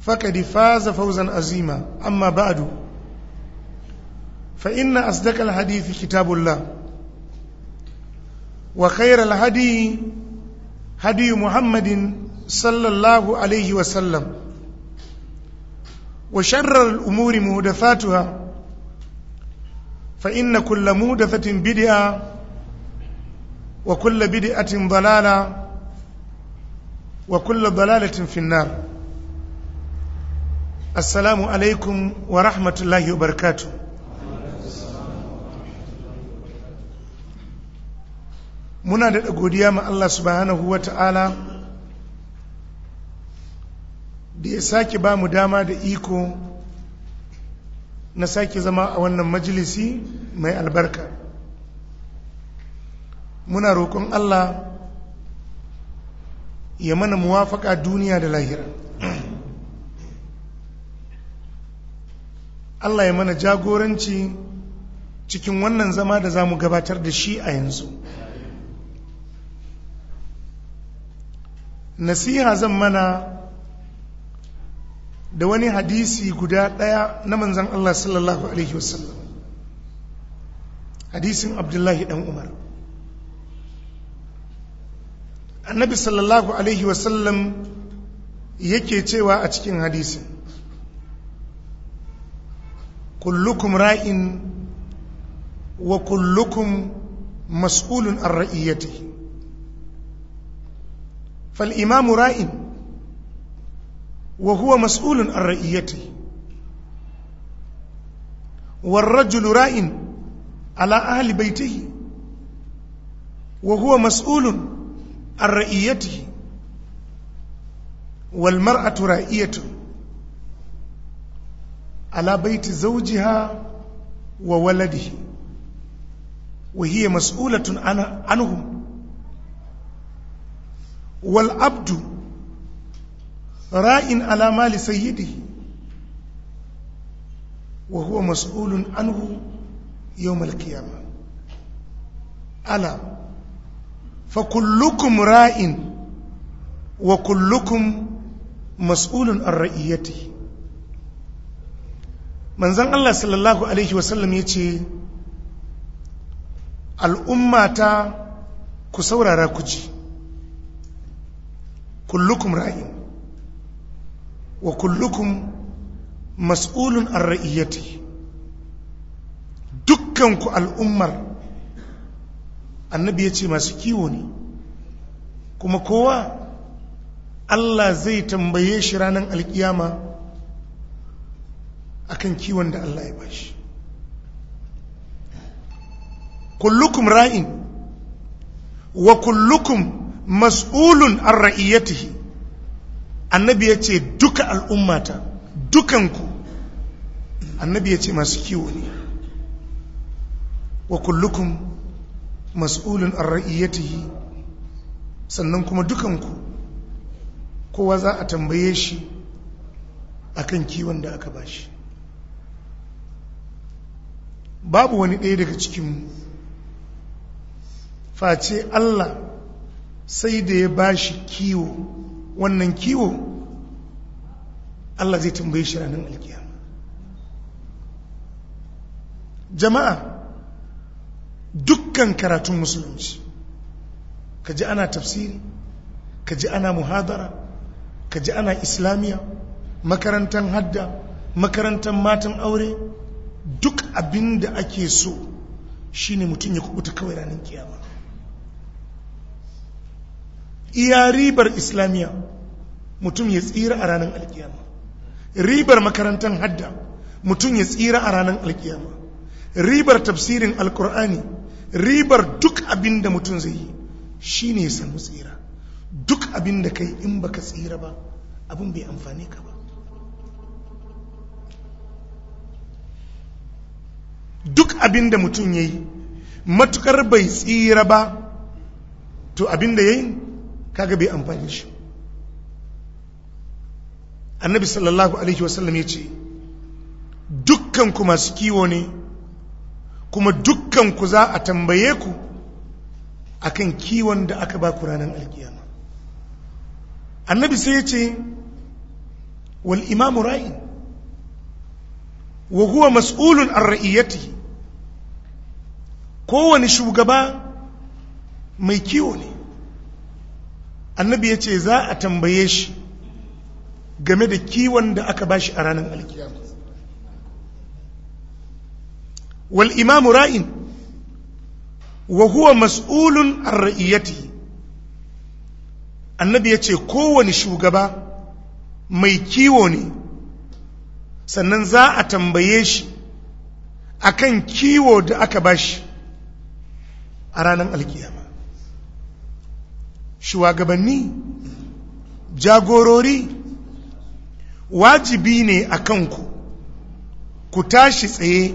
فقد فاز فوزا عظيما أما بعد فإن أصدق الحديث كتاب الله وخير الهدي هدي محمد صلى الله عليه وسلم وشر الأمور مهدفاتها فإن كل مهدفة بدعة وكل بدعة ضلالة وكل ضلالة في النار assalamu alaikum wa rahmatullahi wa barkatu muna da godiya ma Allah subhanahu wa ta'ala da ya sake ba mu dama da iko na sake zama a wannan majalisi mai albarka muna roƙon Allah ya mana muwafaka duniya da lahira Allah ya mana jagoranci cikin wannan zama da za mu gabatar da shi a yanzu nasiha zan mana da wani hadisi guda ɗaya na manzan Allah sallallahu Alaihi wasallam hadisin abdullahi ɗan umar annabi sallallahu Alaihi wasallam yake cewa a cikin hadisin كلكم راء وكلكم مسؤول عن رئيته فالإمام راء وهو مسؤول عن رئيته والرجل راء على أهل بيته وهو مسؤول عن رئيته والمرأة رائية ala baiti zawjiha wa waladihi wa hiya mas'ulatun anhum wal abdu ra'in ala mali sayyidihi wa huwa mas'ulun anhu yawm al qiyamah ala fa kullukum ra'in wa kullukum mas'ulun an ra'iyatihi manzan Allah sallallahu alaihi wasallam ya ce al'ummata ku saurara ku ji kullukum ra'in wa kullukum mas'ulun an ra'iyyati dukkanku al'ummar annabi ya ce masu kiwo ne kuma kowa Allah zai tambaye shi ranar alkiyama akan kiwon da Allah ya bashi kullukum ra'in wa kullukum mas'ulun an ra'iyatihi annabi ya ce duka al'ummata dukanku annabi ya ce masu kiwo ne wa kullukum mas'ulun an ra'iyatihi sannan kuma dukanku kowa za a tambaye shi akan kiwon da aka bashi babu wani ɗaya daga cikinmu face Allah sai da ya ba shi kiwo wannan kiwo Allah zai tambaye shi ranar alkiyama jama'a dukkan karatun musulunci ka ji ana tafsiri ka ji ana muhadara ka ji ana islamiyya makarantar hadda makarantar matan aure duk abin da ake so shi ne mutum ya kubuta kawai ranar kiyama iya ribar islamiyya mutum ya tsira a ranar alkiyama ribar makarantar hadda mutum ya tsira a ranar alkiyama ribar tafsirin alkur'ani ribar duk abin da mutum zai yi shi ne ya samu tsira duk abin da kai in baka tsira ba abin bai amfani ka ba duk abin da mutum ya yi matukar bai tsira ba to abin da ya yi kaga bai amfani shi annabi sallallahu alaihi wasallam ya ce dukkanku masu kiwo ne kuma dukkanku za a tambaye ku akan kiwon da aka ba ku ranar alkiyama annabi sai ya ce wal imamu ra'in wa huwa mas'ulun an ra'iyatihi shugaba mai kiwo ne annabi ya ce za a tambaye shi game da kiwon da aka ba shi a ranar alkiyama wal imamu ra'in wa huwa mas'ulun an annabi ya ce kowane shugaba mai kiwo ne sannan za a tambaye shi a kan kiwo da aka ba shi a ranar alkiyama shugabanni jagorori wajibi ne a kanku ku tashi tsaye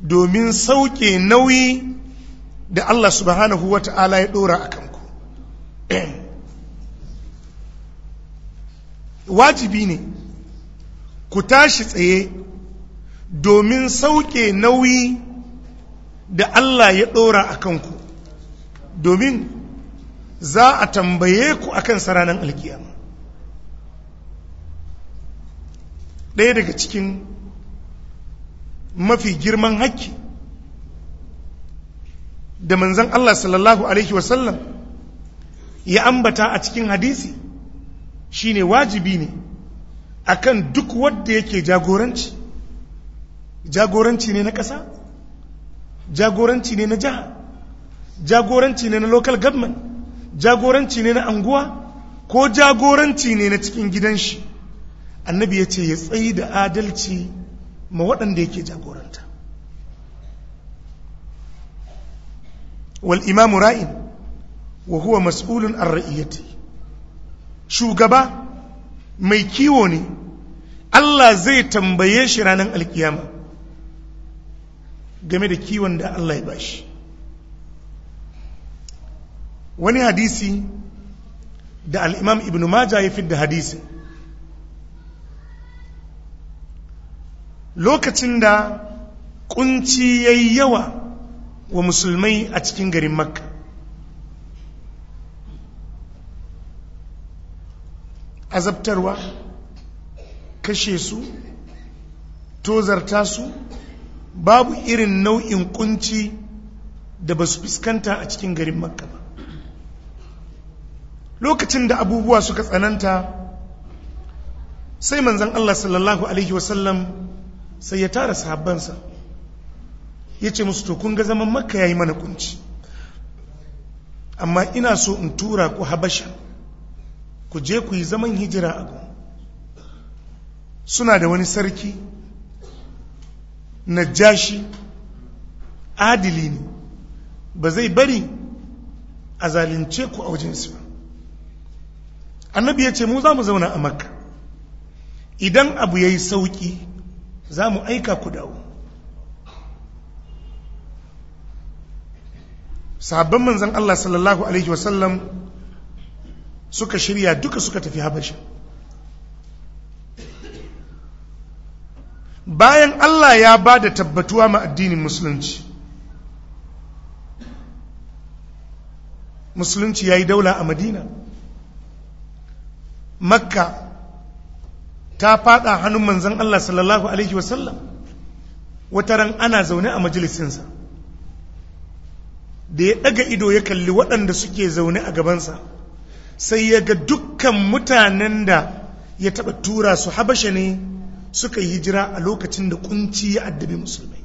domin sauke nauyi da Allah subhanahu wa ta'ala ya ɗora a kanku wajibi ne ku tashi tsaye domin sauke nauyi da Allah ya ɗora a kanku domin za a tambaye ku akan saranan alkiyama ɗaya daga cikin mafi girman hakki da manzan Allah sallallahu Alaihi wasallam ya ambata a cikin hadisi shine wajibi ne akan duk wadda yake jagoranci jagoranci ne na ƙasa jagoranci ne na jiha jagoranci ne na local government jagoranci ne na anguwa ko jagoranci ne na cikin gidan shi annabi ya ce ya tsayi da adalci ma waɗanda yake jagoranta wal imamu ra'in wa huwa mas'ulun ar-ra'iyati shugaba mai kiwo ne Allah zai tambaye shi ranar alkiyama game da kiwon da Allah ya bashi wani hadisi da al'imam ibn Maja ya fi da hadisi lokacin da kunci ya yi yawa wa musulmai a cikin garin makka azabtarwa kashe su tozarta su babu irin nau'in kunci da ba su fuskanta a cikin garin makka ba lokacin da abubuwa suka tsananta sai manzan allah sallallahu alaihi wasallam sai ya tara sahabbansa ya ce musu to kun ga zaman makka ya yi mana kunci amma ina so in tura ku habasha ku je ku yi zaman hijira a gun suna da wani sarki jashi adili ne ba zai bari a zalunce ku a wajensu ba annabi ya ce mu za mu zauna a makka idan abu ya yi sauƙi za mu aika ku dawo sahabban manzan allah sallallahu alaihi wasallam suka shirya duka suka tafi habasha bayan Allah ya ba da tabbatuwa ma addinin musulunci musulunci ya yi daula a madina makka ta fada hannun manzan Allah sallallahu Alaihi wasallam wata ran ana zaune a majalisinsa da ya ɗaga ido ya kalli waɗanda suke zaune a gabansa sai ya ga dukkan mutanen da ya taɓa tura su habasha ne suka yi hijira a lokacin da kunci ya addabi musulmai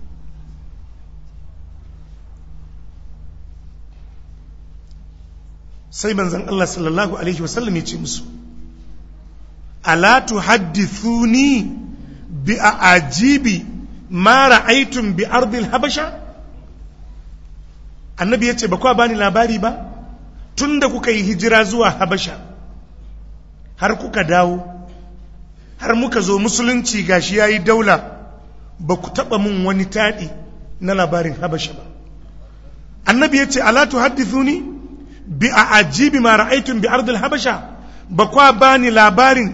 sai manzan Allah sallallahu Alaihi wasallam ya ce musu ala tuhaddithuni bi a ajibi mara ra'aitun bi ardil habasha annabi ya ce ba kwa bani labari ba tun da kuka yi hijira zuwa habasha har kuka dawo har muka zo musulunci gashi ya yi daula ba ku taɓa mun wani taɗi na labarin habasha ba annabi ya ce alatu haddithuni bi a ajibi ma ra'aitun bi ardil habasha ba kwa bani labarin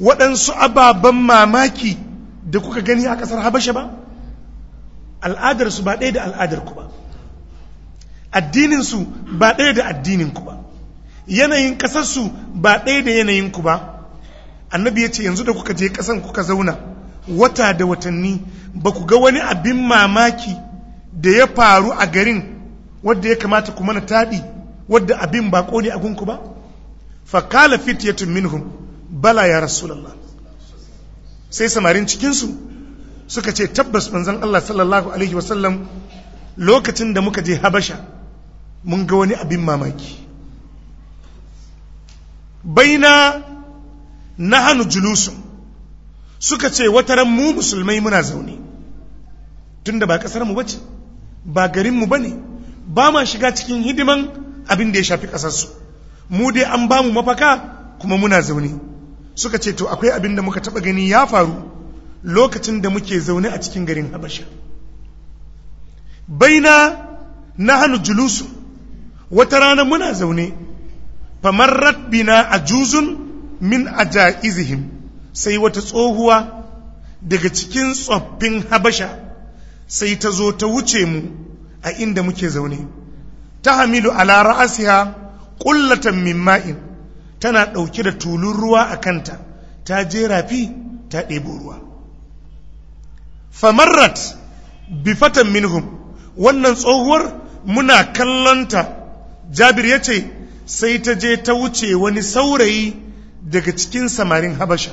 waɗansu ababen mamaki da kuka gani a ƙasar habasha ba al'adarsu ba ɗaya da al'adar ku ba addininsu ba ɗaya da addininku ba yanayin ƙasarsu ba ɗaya da yanayinku ba annabi ya ce yanzu da kuka je ƙasan kuka zauna wata da watanni ba ku ga wani abin mamaki da ya faru a garin wadda ya kamata ku mana taɗi wadda abin ba ne a gunku ba fakala fityatun minhum bala ya rasulallah sai samarin cikinsu suka ce tabbas manzon Allah sallallahu alaihi wasallam lokacin da muka je habasha mun ga wani abin mamaki baina na hannu julusun suka ce wataran mu musulmai muna zaune tunda ba kasar mu bace ba garin mu bane ba ma shiga cikin hidiman abin da ya shafi kasarsu mu dai an ba mu mafaka kuma muna zaune suka ce to akwai abin da muka taba gani ya faru lokacin da muke zaune a cikin garin habasha baina na hannu julusun wata rana muna zaune famarrat bina a juzun min a ja'izihim sai wata tsohuwa daga cikin tsoffin habasha sai ta zo ta wuce mu a inda muke zaune ta hamilu ala ra'asiha kullatan min ma'in tana ɗauke da tulun ruwa a kanta ta je rafi ta ɗebo ruwa famarrat bifatan minhum wannan tsohuwar muna kallonta jabir ya ce sai ta je ta wuce wani saurayi daga cikin samarin habasha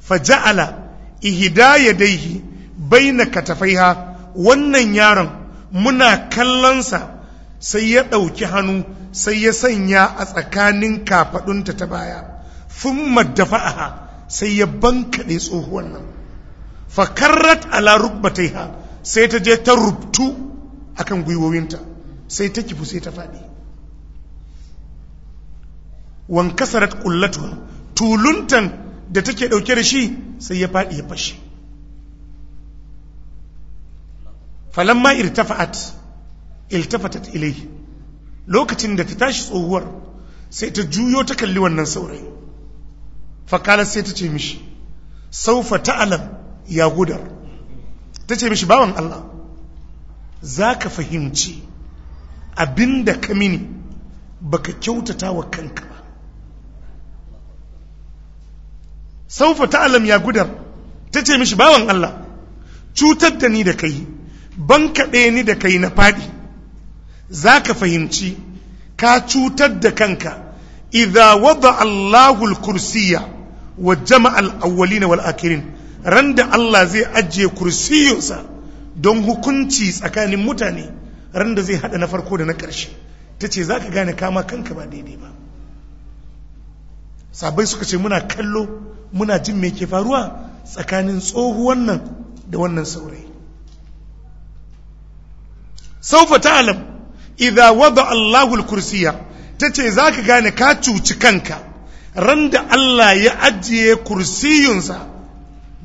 faja'ala ihda daihi baina katafaiha wannan yaron muna kallonsa sai ya ɗauki hannu sai ya sanya a tsakanin kafaɗunta ta baya thumma dafa'aha sai ya bankaɗe tsohuwan nan fakarrat ala rubbataiha sai ta je ta rubtu akan gwiwowinta sai ta kifu sai ta faɗi wankasarat kullatuwa tuluntan da take ɗauke da shi sai ya faɗi ya fashe falamma irtafa'at iltafatat ilai lokacin da ta tashi tsohuwar sai ta juyo ta kalli wannan saurayi fakalar sai ta ce mishi saufa ta'alam ya gudar ta ce mishi bawan Allah za ka fahimci abinda ka mini baka kyautata wa kanka ba saufa alam ya gudar ta ce mishi bawan Allah cutar da ni da kai ban kaɗe ni da kai na faɗi za ka fahimci ka cutar da kanka idza wada Allahul kursiya wa jama'al awwalina wal akirin ran da Allah zai ajiye kursiyosa don hukunci tsakanin mutane ran da zai hada na farko da na karshe ta ce za ka gane kama kanka ba daidai ba sabai suka ce muna kallo muna jin mai ke faruwa tsakanin tsohu wannan da wannan saurayi saufa ta alam wada Allahu allahul kursiya za ka gane ka cuci kanka ran da Allah ya ajiye kursiyunsa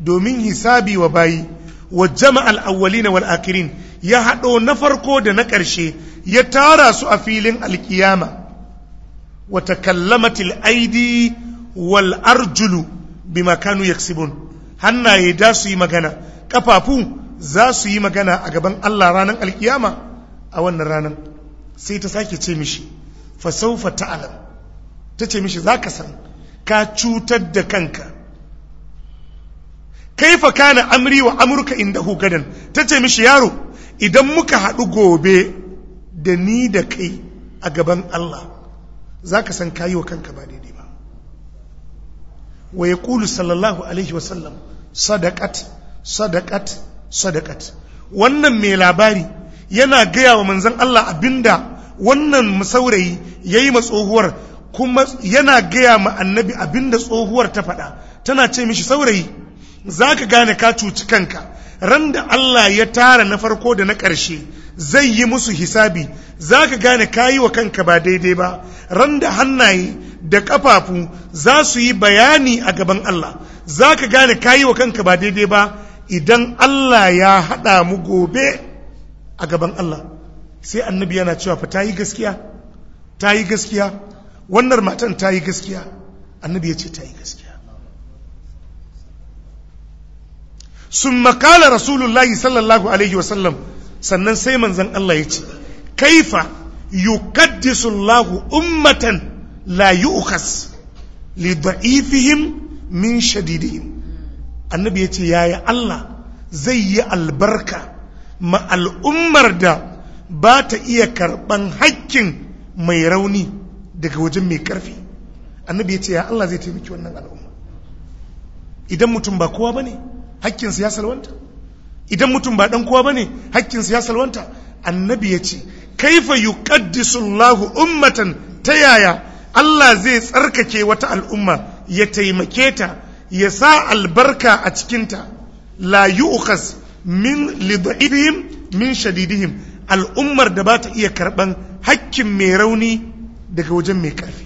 domin hisabi wa bayi wa jama'al na walakirin ya haɗo na farko da na ƙarshe ya tara su a filin alkiyama wata takallamatil aidi wal arjulu bima kanu yaksibun hannaye da su yi magana ƙafafu za su yi magana a gaban Allah ranar alkiyama a wannan ranar sai ta sake ce mishi fa sawfa ta ce mishi zaka san ka cutar da kanka kaifa kana amri wa amurka indahu gadan ce mishi yaro idan muka haɗu gobe da ni da kai a gaban Allah zaka san kayi wa kanka ba daidai ba wa kulu sallallahu alaihi wa sallam sadakat sadakat wannan mai labari yana gaya wa manzan Allah abinda wannan masaurayi ya yayi tsohuwar kuma yana gaya ma annabi abinda tsohuwar ta faɗa tana ce mishi saurayi za ka gane ka cuci kanka ran da Allah ya tara na farko da na ƙarshe zai yi musu hisabi za ka gane ka yi wa kanka ba daidai ba ran da hannaye da ƙafafu za su yi bayani a gaban Allah za ka gane ka yi wa kanka ba daidai ba idan Allah ya haɗa mu gobe a gaban Allah sai annabi yana cewa fa ta yi gaskiya ta yi gaskiya wannan matan ta yi gaskiya annabi ya ce ta yi gaskiya sun makala rasulullahi sallallahu alaihi wasallam sannan sai manzan Allah ya ce kaifa yukaddisu Allahu ummatan la yu'kas li da'ifihim min shadidihim annabi ya ce yaya Allah zai yi albarka ma al'ummar da ba ta iya karɓan hakkin mai rauni daga wajen mai ƙarfi annabi ya ce ya Allah zai taimaki wannan al'umma idan mutum ba kowa ba ne hakkin ya salwanta idan mutum ba dan kowa bane hakkin ya salwanta annabi ya ce kaifa yuqaddisu Allahu ummatan ta yaya Allah zai tsarkake wata al'umma ya taimake ta ya sa albarka a cikinta la yu'khas min lidha'ifihim min shadidihim al'ummar da ba ta iya karban hakkin mai rauni daga wajen mai karfi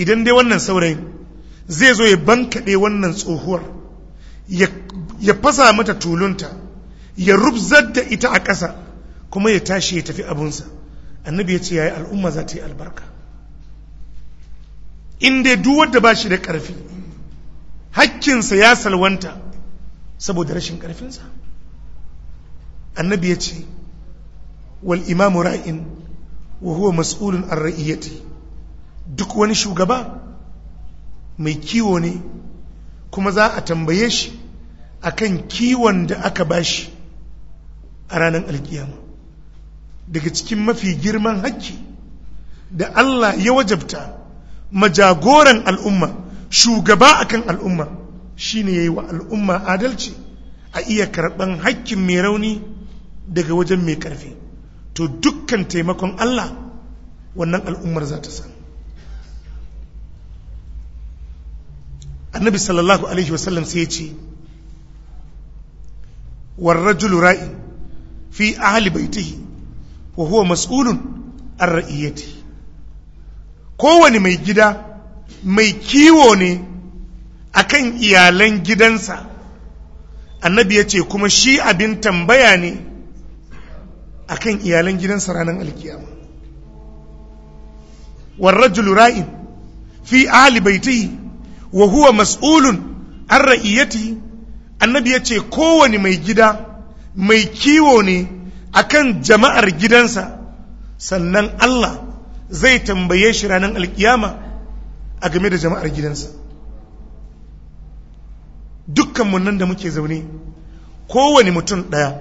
idan dai wannan saurayin zai zo ya bankaɗe wannan tsohuwar ya fasa mata tulunta ya rubzar da ita a ƙasa kuma ya tashi ya tafi abunsa annabi ya ce yayi al'umma za ta yi albarka in dai duk ba shi da ƙarfi hakkinsa ya salwanta saboda rashin ƙarfinsa annabi ya ce wal imamu ra'in wa huwa mas'ulun an duk wani shugaba mai kiwo ne kuma za a tambaye shi a kan kiwon da aka ba shi a ranar alkiyama daga cikin mafi girman hakki da Allah ya wajabta majagoran al'umma shugaba akan al'umma shine yi wa al'umma adalci a iya karɓan hakkin mai rauni daga wajen mai ƙarfi to dukkan taimakon Allah wannan al'ummar za ta samu annabi sallallahu alaihi sallam sai ya ce warrajulu ra'i fi ahli baitihi wa huwa mas'ulun an ra'iyati kowane mai gida mai kiwo ne akan iyalan gidansa annabi ya ce kuma shi abin tambaya ne akan iyalan gidansa ranar alkiyama warrajulu ra'in fi ahli baitihi wa huwa mas'ulun an ra'iyati annabi ya ce kowane mai gida mai kiwo ne akan jama'ar gidansa sannan Allah zai tambaye shi ranar alkiyama a game da jama'ar gidansa dukkanmu nan da muke zaune kowane mutum ɗaya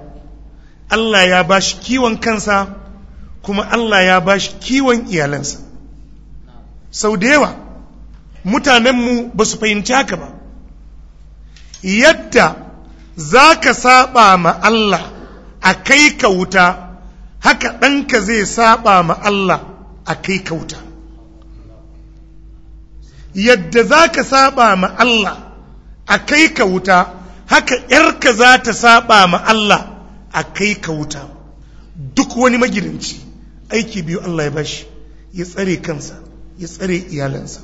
Allah ya ba shi kiwon kansa kuma Allah ya ba shi kiwon iyalansa sau da yawa mutanenmu ba su fahimci haka ba yadda za ka saba ma Allah a kai ka wuta haka ɗanka zai saba ma Allah a kai ka wuta yadda za ka saba ma Allah a kai ka wuta haka ‘yarka za ta saba ma Allah a kai ka wuta duk wani magidanci aiki biyu Allah ya bashi ya tsare kansa ya tsare iyalansa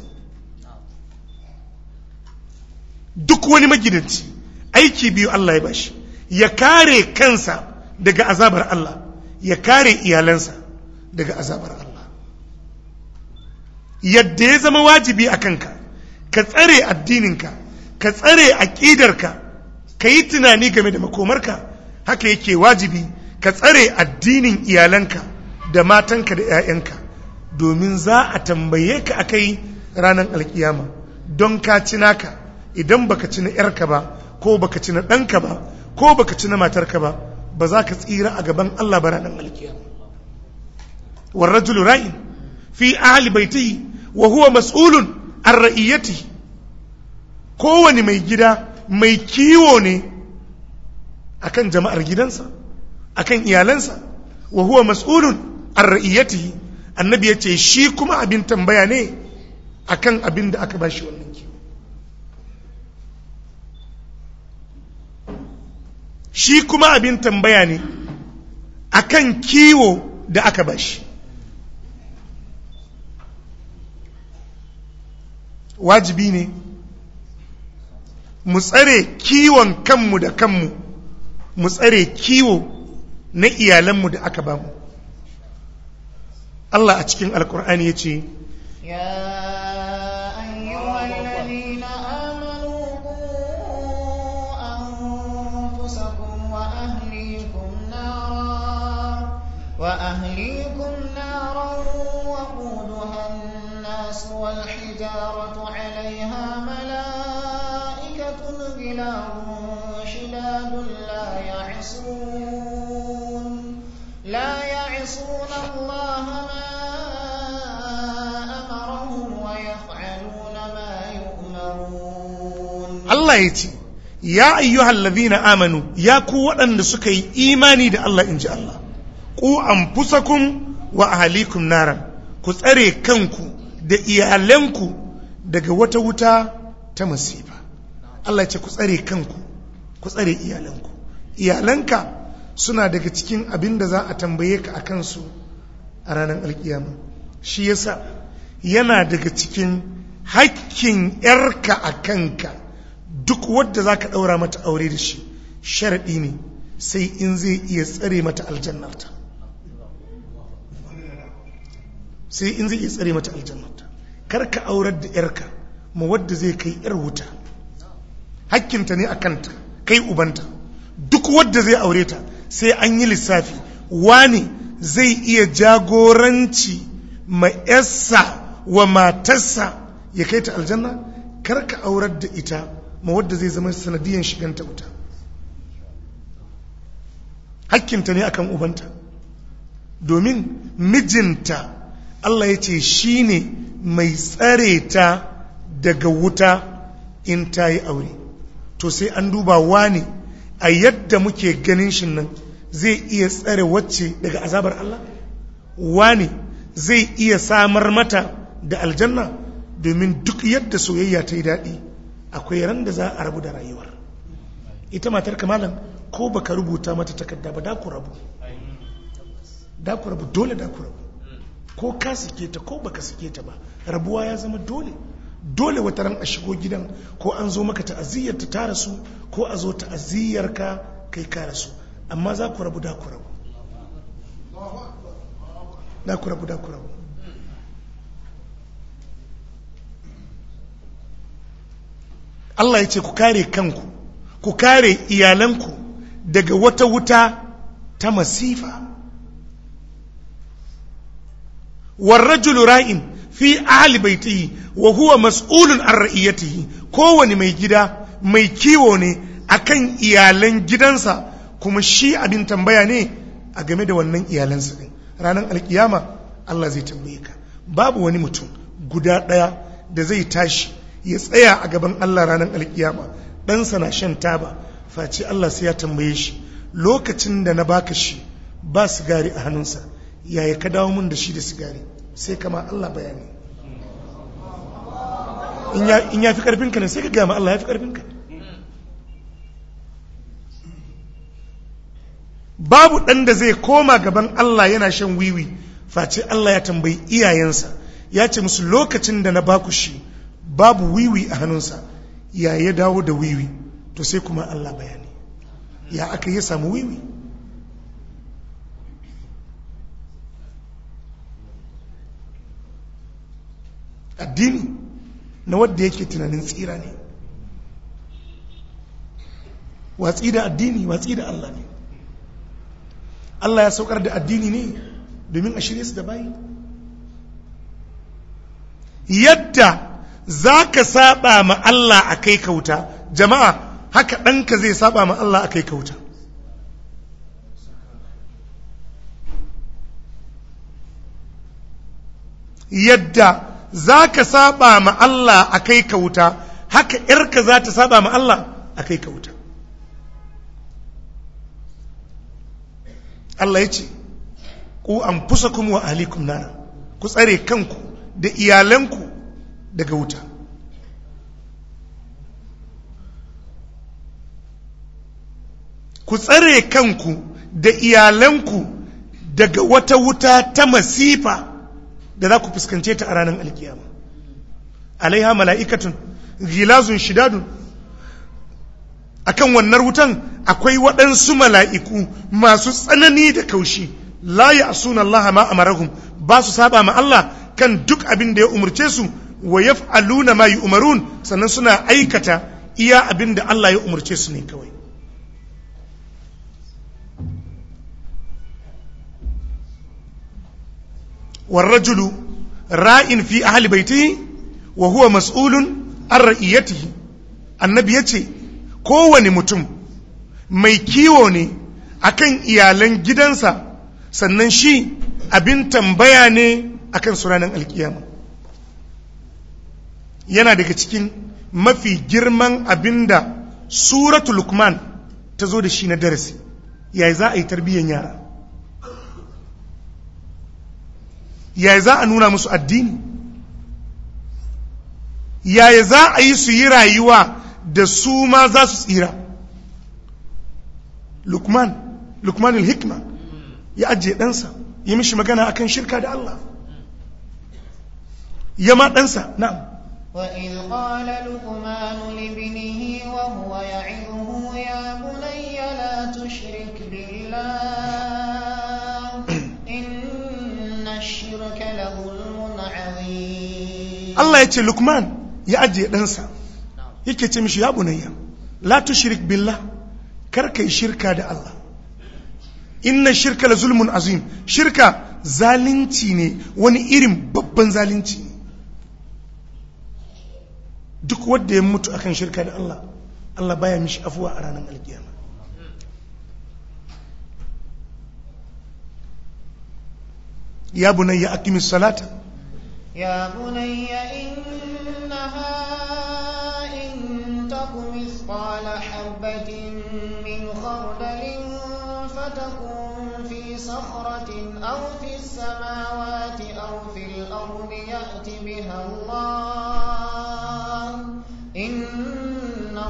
duk wani magidanci aiki biyu Allah ya bashi ya kare kansa daga azabar Allah ya kare iyalansa daga azabar Allah yadda ya zama wajibi a kanka ka tsare addininka ka tsare aƙidarka ka yi tunani game da makomarka haka yake wajibi ka tsare addinin iyalanka da matanka da 'ya'yanka domin za a tambaye ka a kai ranar alƙiyama, don ka cina naka idan baka ci na yarka ba ko baka ci na ɗanka ba ko baka ci na matarka ba ba za ka tsira a gaban Allah ba ranar alkiyama war ra'in fi ahli baitihi wa huwa mas'ulun an ra'iyatihi kowane mai gida mai kiwo ne akan jama'ar gidansa akan iyalansa wa huwa mas'ulun an ra'iyatihi annabi ce shi kuma abin tambaya ne akan abin da aka bashi wannan shi kuma abin tambaya ne a kan kiwo da aka ba shi. wajibi ne mu tsare kiwon kanmu da kanmu mu tsare kiwo na iyalanmu da aka bamu Allah a cikin alkur'ani ya ce وأهليكم نارا وقودها الناس والحجارة عليها ملائكة غلاظ شداد لا يعصون لا يعصون الله ما أمرهم ويفعلون ما يؤمرون الله يتي يا أيها الذين آمنوا يا قوة أن سكي إيماني دا الله إن شاء الله ku an anfusakum wa ahalikum naran ku tsare kanku da iyalanku daga wata wuta ta masifa Allah ce ku tsare kanku ku tsare iyalanku iyalanka suna daga cikin abin da za a tambaye ka a kansu a ranar alkiyama shi yasa yana daga cikin hakkin yarka a kanka duk wadda za ka ɗaura mata aure da shi sharaɗi ne sai in zai iya tsare mata aljannarta sai in zai iya tsare mata aljannata kar ka aurar da yarka ma wadda zai kai yar wuta hakkinta ne a kanta kai ubanta duk wadda zai aure ta sai an yi lissafi wani zai iya jagoranci ma yassa wa matarsa ya kai ta aljanna kar ka aurar da ita ma wadda zai zama sanadiyan shiganta wuta hakkinta ne akan ubanta domin mijinta Allah ya ce shi ne mai tsare ta daga wuta in ta yi aure to sai an duba wani a yadda muke ganin shi nan zai iya tsare wacce daga azabar Allah wani zai iya samar mata da aljanna domin duk yadda soyayya ta yi daɗi akwai ran da za a rabu da rayuwar ita matar kamalan ko baka rubuta mata takarda ba da ku rabu dole da ko ka sike ta ko baka sike ta ba rabuwa ya zama dole dole wata ran a shigo gidan ko an zo maka aziyar ta tara su ko a zo aziyar ka kai ka rasu amma za ku rabu da ku rabu da ku rabu da ku rabu Allah ya ce ku kare kanku ku kare iyalanku daga wata wuta ta masifa warrajulu ra'in fi ahli baitihi wa huwa mas'ulun an ra'iyatihi kowane mai gida mai kiwo ne akan iyalan gidansa kuma shi abin tambaya ne a game da wannan iyalansa din ranar alkiyama Allah zai tambaye ka babu wani mutum guda ɗaya da zai tashi ya tsaya a gaban Allah ranar alkiyama ɗansa na shan taba Faci Allah sai ya tambaye shi lokacin da na baka shi ba sigari a hannunsa yaya ka dawo mun da shi da sigari sai kama Allah bayani in ya fi karfinka ne sai ka gama Allah ya fi karfinka babu ɗan da zai koma gaban Allah yana shan wiwi face Allah ya tambayi iyayensa ya ce musu lokacin da na baku shi babu wiwi a hannunsa ya ya dawo da wiwi to sai kuma Allah bayani ya aka yi samu wiwi addini na wadda yake tunanin tsira ne watsi da addini watsi da Allah ne Allah ya saukar da addini ne domin a shirye su da bayi yadda za ka saba ma Allah a kai kauta jama'a haka ɗanka zai saba ma Allah a kai kauta yadda za ka saba ma Allah a kai ka wuta haka ‘yarka za ta saba ma Allah a kai ka wuta Allah ya ce ku an fusa kuma wa alikum nara ku tsare kanku da iyalanku daga wuta ku tsare kanku da iyalanku daga wata wuta ta masifa da za ku fuskance ta a ranar alkiyama alaiha mala'ikatun gilazun shidadun kan wannan wutan akwai waɗansu mala'iku masu tsanani da kaushi la a sunan Allah ma marahun ba su saba ma Allah kan duk abin da ya umarce su wa ya aluna ma umarun sannan suna aikata iya abin da Allah ya umarce su ne kawai ra'in والرجل راء في أهل بيته وهو مسؤول عن رئيته النبي يتي كوني mutum mai kiwo ne akan iyalan gidansa sannan shi abin tambaya ne akan suranan alkiyama yana daga cikin mafi girman abin da suratul lukman ta zo da shi na darasi yayi za a yi tarbiyyar yara yaya za a nuna musu addini yaya za a yi su yi rayuwa da su ma za su tsira lukman lukman hikma ya ajiye ɗansa ya mishi magana akan shirka da Allah ya ma ɗansa na وإذ قال لقمان لابنه وهو يعظه يا بني لا تشرك بالله Allah ya ce Lukman ya ajiye ɗansa yake ce mishi ya bunayya la shirik billah kar yi shirka da Allah inna shirka la zulmun azim shirka zalunci ne wani irin babban zalunci duk wanda ya mutu akan shirka da Allah Allah baya mishi afuwa a ranar alkiyama ya bunayya aqimis salata يا بني إنها إن تك مثقال حبة من خردل فتكون في صخرة أو في السماوات أو في الأرض يأت بها الله إن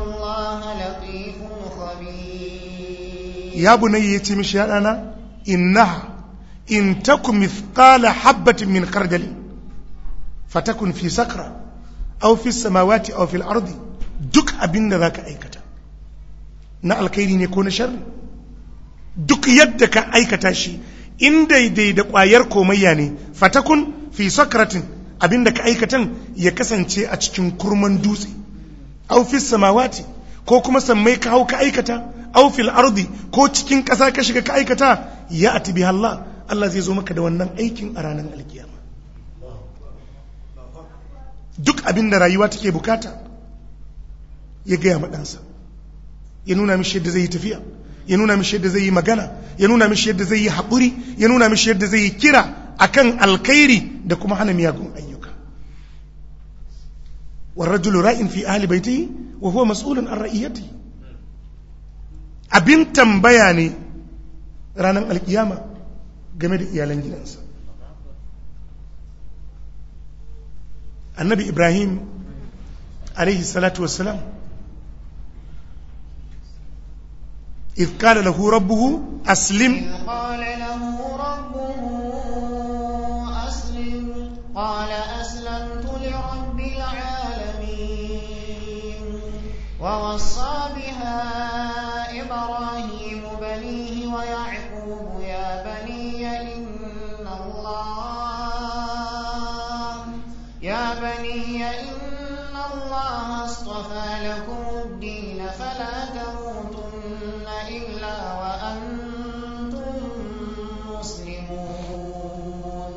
الله لطيف خبير يا بني يتمشي أنا إنها إن تك مثقال حبة من خردل fatakun fi sakra aw fi samawati au fil ardi duk abinda za zaka aikata na alkhairi ne ko na sharri duk yadda ka aikata shi in daidai da kwayar komayya ne fatakun fi sakratin ka aikatan ya kasance a cikin kurman dutse aw fi samawati ko kuma sammai ka hau ka aikata au fil ardi ko cikin ƙasa ka shiga ka aikata ya atibi Allah Allah zai zo maka da wannan aikin a ranar alkiyama duk abin da rayuwa take bukata ya gaya maɗansa ya nuna mishi yadda zai yi tafiya ya nuna mishi yadda zai yi magana ya nuna mishi yadda zai yi haƙuri ya nuna mishi yadda zai yi kira a kan alkairi da kuma hana miyagun ayyuka warrajulu ra'in fi ta yi, wa huwa mas'ulun an yadda. abin tambaya ne ranar alkiyama game da iyalan gidansa النبي إبراهيم عليه الصلاة والسلام إذ قال له ربه أسلم قال له ربه أسلم قال أسلمت لرب العالمين ووصى بها إبراهيم بنيه ويعقوب بني إن الله اصطفى لكم الدين فلا تموتن إلا وأنتم مسلمون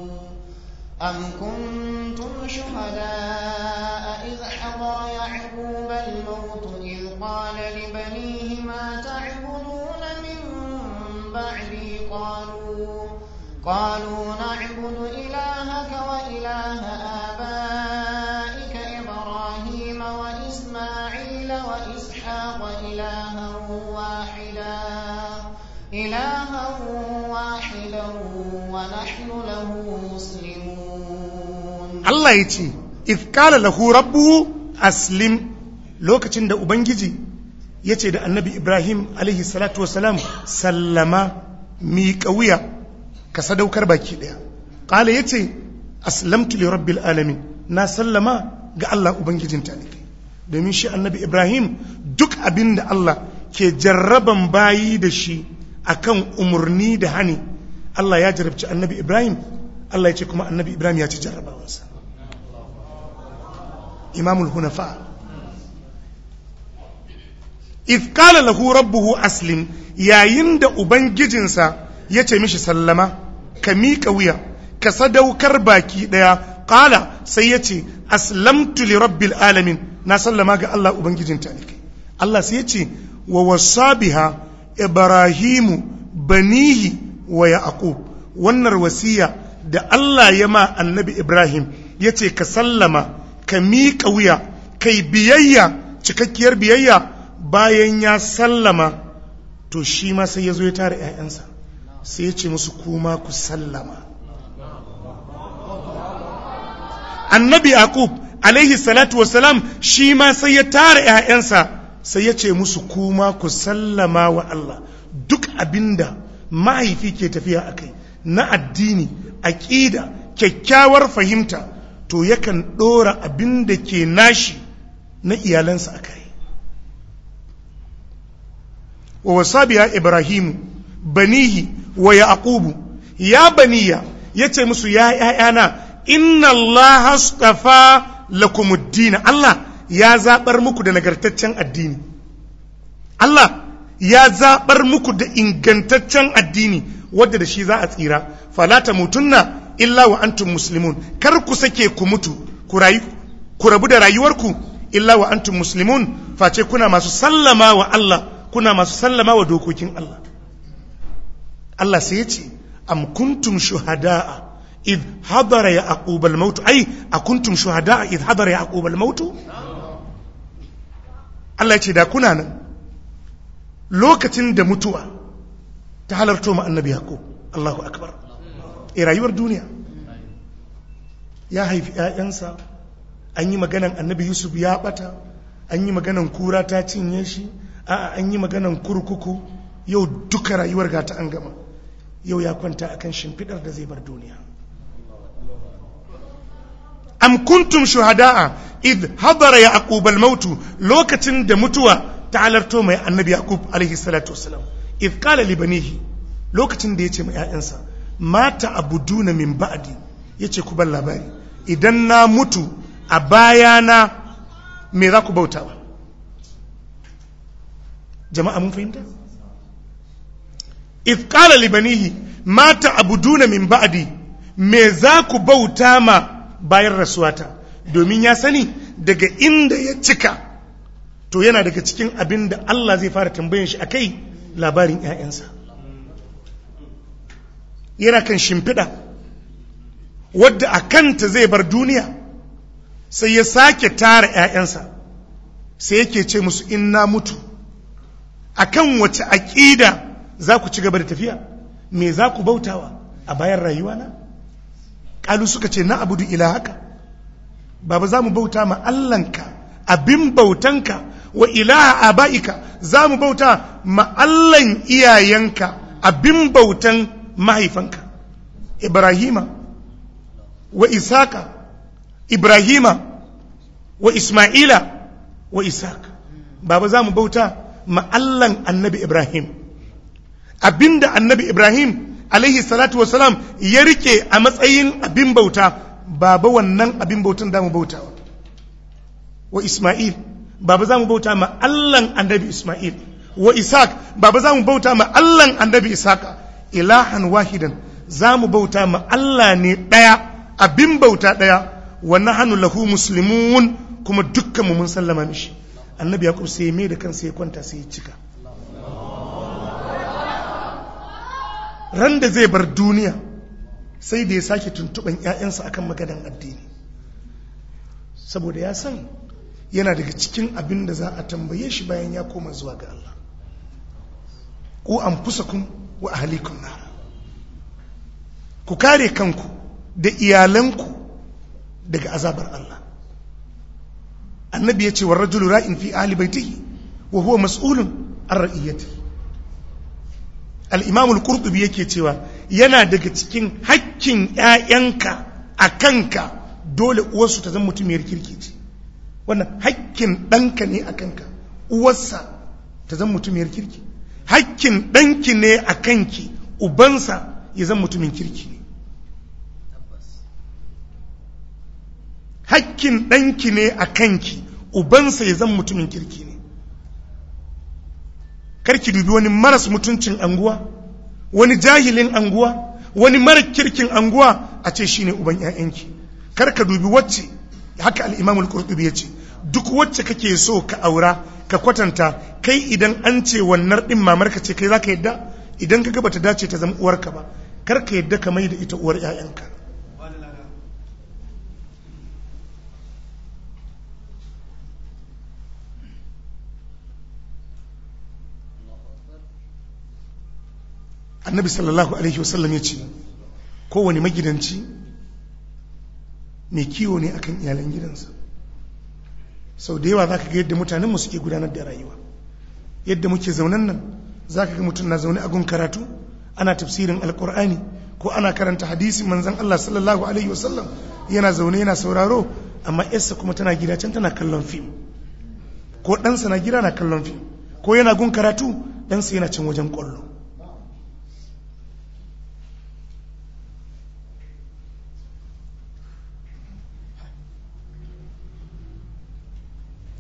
أم كنتم شهداء إذ حضر يعقوب الموت إذ قال لبنيه ما تعبدون من بعدي قالوا قالوا نعبد إلهك وإله آبائك إبراهيم وإسماعيل وإسحاق إلها واحدا إلها واحدا ونحن له مسلمون الله يتي إذ قال له ربه أسلم lokacin da Ubangiji ya ce da annabi Ibrahim alaihi salatu wasalam sallama miƙa wuya ka sadaukar baki ɗaya. qala yace aslamtu li rabbil alamin na sallama ga Allah ubangijin talibai domin shi annabi Ibrahim duk abin da Allah ke jarraban bayi da shi akan umarni da hani Allah ya jarabci annabi Ibrahim Allah ya ce kuma annabi Ibrahim ya ci jarrabawansa imamul hunafa if qala lahu rabbuhu aslim yayin da ubangijinsa ya ce mishi sallama ka miƙa wuya ka sadaukar baki ɗaya ƙala sai ya ce aslamtu li rabbil alamin na sallama ga Allah ubangijin talikai Allah sai ya ce wa wasabiha ibrahimu banihi wa yaqub wannan wasiya da Allah ya ma annabi ibrahim ya ce ka sallama ka miƙa wuya kai biyayya cikakkiyar biyayya bayan ya sallama to shi ma sai ya zo ya tara 'ya'yansa sai ya ce musu kuma ku sallama annabi yakub alaihi salatu wasalam shi ma sai ya tara 'ya'yansa sai ya ce musu kuma ku sallama wa Allah duk abinda mahaifi ke tafiya a kai na addini aƙida kyakkyawar fahimta to yakan ɗora abinda ke nashi na iyalansa a kai wa wasabiya ibrahimu banihi wa yaqubu ya baniya yace musu ya ayyana inna allaha astafa ad-din Allah ya zabar muku da nagartaccen addini Allah ya zabar muku da ingantaccen addini wadda da shi za a tsira fala mutunna illa wa antum muslimun kar ku sake ku mutu ku rayu ku rabu da rayuwarku illa wa antum muslimun face kuna masu sallama wa Allah kuna masu sallama wa dokokin Allah Allah sai ya ce am kuntum shuhada'a id hadara ya aqubal mautu ai a kuntum shuhada'a id hadara ya aqubal mautu Allah ya ce da kuna nan lokacin da mutuwa ta halarto ma annabi yaqub Allahu akbar e rayuwar duniya ya haifi ƴaƴansa an yi maganan annabi yusuf ya bata an yi maganan kura ta cinye shi a'a an yi maganan kurkuku yau duka rayuwar ga ta an gama yau ya kwanta akan shimfidar da zai bar duniya am kuntum shuhada'a id hadara yaqub al-maut lokacin da mutuwa ta halarto mai annabi yaqub alaihi salatu wasalam id qala li banihi lokacin da yace mai ƴaƴansa mata abuduna min ba'di yace ku bar labari idan na mutu a baya na me za ku bautawa jama'a mun fahimta if qala li banihi ma min ba'adi me za ku bauta ma bayan rasuwata domin ya sani daga inda ya cika to yana daga cikin abin da Allah zai fara tambayin shi akai labarin ƴaƴansa yana kan shimfiɗa wadda a kanta zai bar duniya sai ya sake tara ‘ya'yansa sai yake ce musu in na mutu a kan wace aƙida za ku ci gaba da tafiya me za ku bautawa a bayan rayuwa na ƙalu suka ce na abudu ila haka baba za mu bauta ma allanka abin bautanka wa ilaha aba'ika za mu bauta ma allan iyayenka abin bautan mahaifanka ibrahima wa isaka ibrahima wa isma'ila wa isaka baba za mu bauta ma allan annabi ibrahim abinda annabi ibrahim alaihi salatu wasalam ya rike a matsayin abin bauta baba wannan abin bautan da mu bauta wa isma'il baba za mu bauta ma allan annabi isma'il wa isaac baba za mu bauta ma allan annabi isaac ilahan wahidan za mu bauta ma allah ne ɗaya abin bauta ɗaya wa hannu lahu muslimun kuma mu mun sallama mishi annabi yaqub sai mai da kansa ya kwanta sai ya cika ran da zai bar duniya sai da ya sake tuntuban 'ya'yansa akan maganan addini saboda ya san yana daga cikin abin da za a tambaye shi bayan ya koma zuwa ga Allah ku an kun wa ahlikum na ku kare kanku da iyalanku daga azabar Allah annabi ya ce wa rajulu ra'in fi ahli baitihi wa huwa mas'ulun an ra'iyatihi Al'imamul imam al ke yake cewa yana daga cikin hakkin ƴaƴanka a kanka dole uwarsu ta zama mutumiyar kirki ce wannan hakkin ɗanka ne a kanka uwarsa ta zama mutumiyar kirki hakkin ɗanki ne a kanki ubansa ya zama mutumin kirki ne hakkin ɗanki ne a kanki ubansa ya zama mutumin kirki ne Kar ki dubi wani maras mutuncin anguwa wani jahilin anguwa wani mara kirkin anguwa a ce shine uban 'ya'yanki. kar ka dubi wacce haka al-Imam al-Qurtubi yace duk wacce kake so ka aura ka kwatanta kai idan an ce wannan ɗin mamarka ce kai zaka yadda idan ka ga bata dace ta zama uwarka ba kar ka yadda ka mai da ita uwar 'ya'yanka. annabi sallallahu alaihi wasallam ya ce kowane magidanci mai kiwo ne akan iyalan gidansa sau da yawa za ka ga yadda mutanenmu suke gudanar da rayuwa yadda muke zaunan nan za ka ga mutum na zaune a gun karatu ana tafsirin alkur'ani ko ana karanta hadisin manzan allah sallallahu alaihi wasallam yana zaune yana sauraro amma yarsa kuma tana gida can tana kallon fim ko ɗansa na gida na kallon fim ko yana gun karatu ɗansa yana can wajen ƙwallo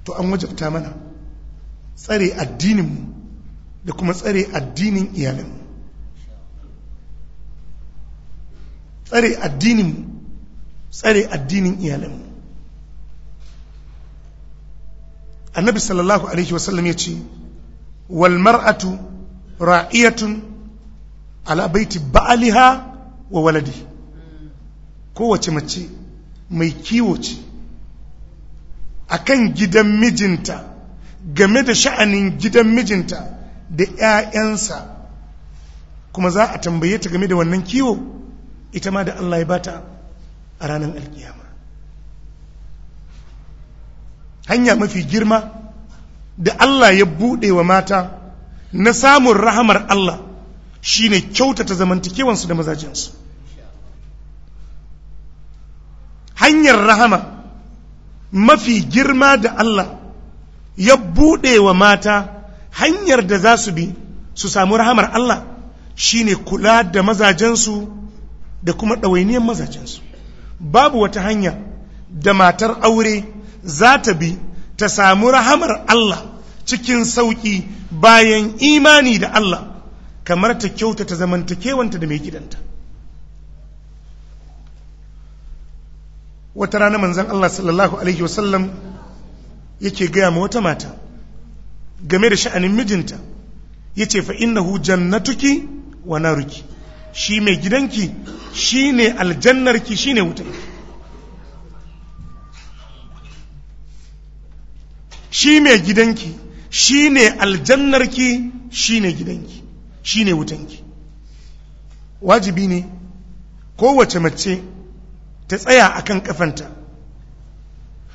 to an wajabta mana tsare addininmu da kuma tsare addinin iyalinmu tsare addininmu tsare addinin iyalinmu annabi sallallahu alaihi wasallam ya ce walmar'atu mar'atu ra'iyatun ala baiti ba'aliha wa waladi kowace mace mai kiwo ce akan gidan mijinta game da sha'anin gidan mijinta da 'ya'yansa kuma za a tambaye ta game da wannan kiwo ita ma da Allah ya bata a ranar alkiyama hanya mafi girma da Allah ya buɗe wa mata na samun rahamar Allah shine kyautata zamantakewansu da mazajensu hanyar rahama mafi girma da Allah ya buɗe wa mata hanyar da za su bi su samu rahamar Allah shine kula da mazajensu da kuma ɗawainiyar mazajensu babu wata hanya da matar aure za ta bi ta samu rahamar Allah cikin sauƙi bayan imani da Allah kamar ta kyauta kyautata zamantakewanta da mai gidanta wata rana manzan Allah sallallahu alaihi wasallam yake gaya ma wata mata game da sha'anin mijinta yace fa innahu jannatuki wa naruki shi mai gidanki ne aljannarki ne wuta shi mai gidanki ne aljannarki ne gidanki ne wutanki wajibi ne kowace mace ta tsaya a kan kafanta